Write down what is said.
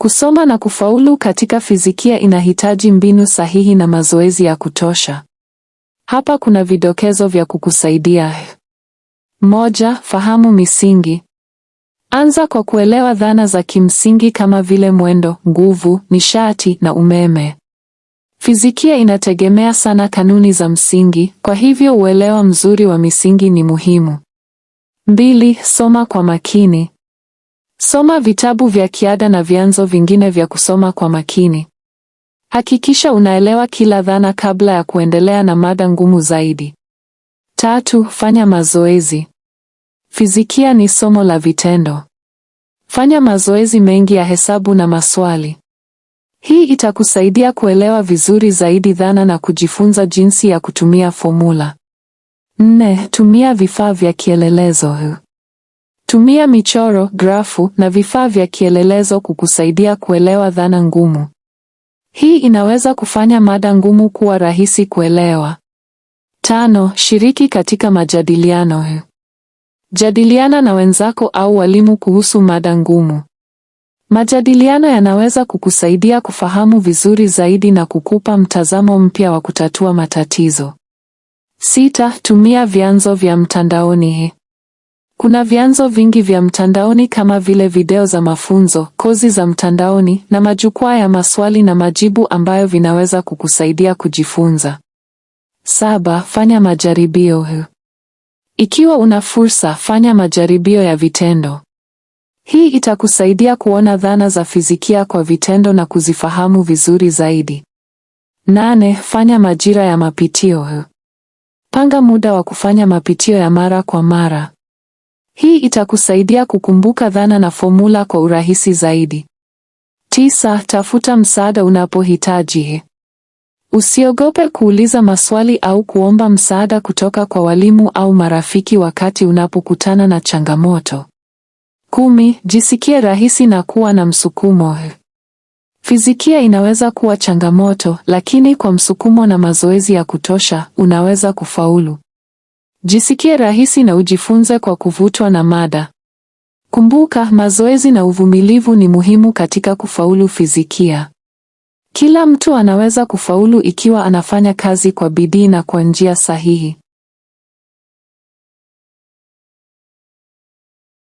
Kusoma na kufaulu katika fizikia inahitaji mbinu sahihi na mazoezi ya kutosha. Hapa kuna vidokezo vya kukusaidia. Moja, fahamu misingi. Anza kwa kuelewa dhana za kimsingi kama vile mwendo, nguvu, nishati na umeme. Fizikia inategemea sana kanuni za msingi, kwa hivyo uelewa mzuri wa misingi ni muhimu. Mbili, soma kwa makini. Soma vitabu vya kiada na vyanzo vingine vya kusoma kwa makini. Hakikisha unaelewa kila dhana kabla ya kuendelea na mada ngumu zaidi. Tatu, fanya mazoezi. Fizikia ni somo la vitendo. Fanya mazoezi mengi ya hesabu na maswali. Hii itakusaidia kuelewa vizuri zaidi dhana na kujifunza jinsi ya kutumia fomula. Nne, tumia vifaa vya kielelezo. Tumia michoro, grafu na vifaa vya kielelezo kukusaidia kuelewa dhana ngumu. Hii inaweza kufanya mada ngumu kuwa rahisi kuelewa. Tano, shiriki katika majadiliano. Jadiliana na wenzako au walimu kuhusu mada ngumu. Majadiliano yanaweza kukusaidia kufahamu vizuri zaidi na kukupa mtazamo mpya wa kutatua matatizo. Sita, tumia vyanzo vya mtandaoni. Kuna vyanzo vingi vya mtandaoni kama vile video za mafunzo, kozi za mtandaoni na majukwaa ya maswali na majibu ambayo vinaweza kukusaidia kujifunza. Saba, fanya majaribio. Ikiwa una fursa, fanya majaribio ya vitendo. Hii itakusaidia kuona dhana za fizikia kwa vitendo na kuzifahamu vizuri zaidi. Nane, fanya majira ya mapitio. Panga muda wa kufanya mapitio ya mara kwa mara. Hii itakusaidia kukumbuka dhana na fomula kwa urahisi zaidi. Tisa, tafuta msaada unapohitaji. usiogope kuuliza maswali au kuomba msaada kutoka kwa walimu au marafiki wakati unapokutana na changamoto. Kumi, jisikie rahisi na kuwa na msukumo. fizikia inaweza kuwa changamoto, lakini kwa msukumo na mazoezi ya kutosha, unaweza kufaulu. Jisikie rahisi na ujifunze kwa kuvutwa na mada. Kumbuka, mazoezi na uvumilivu ni muhimu katika kufaulu fizikia. Kila mtu anaweza kufaulu ikiwa anafanya kazi kwa bidii na kwa njia sahihi.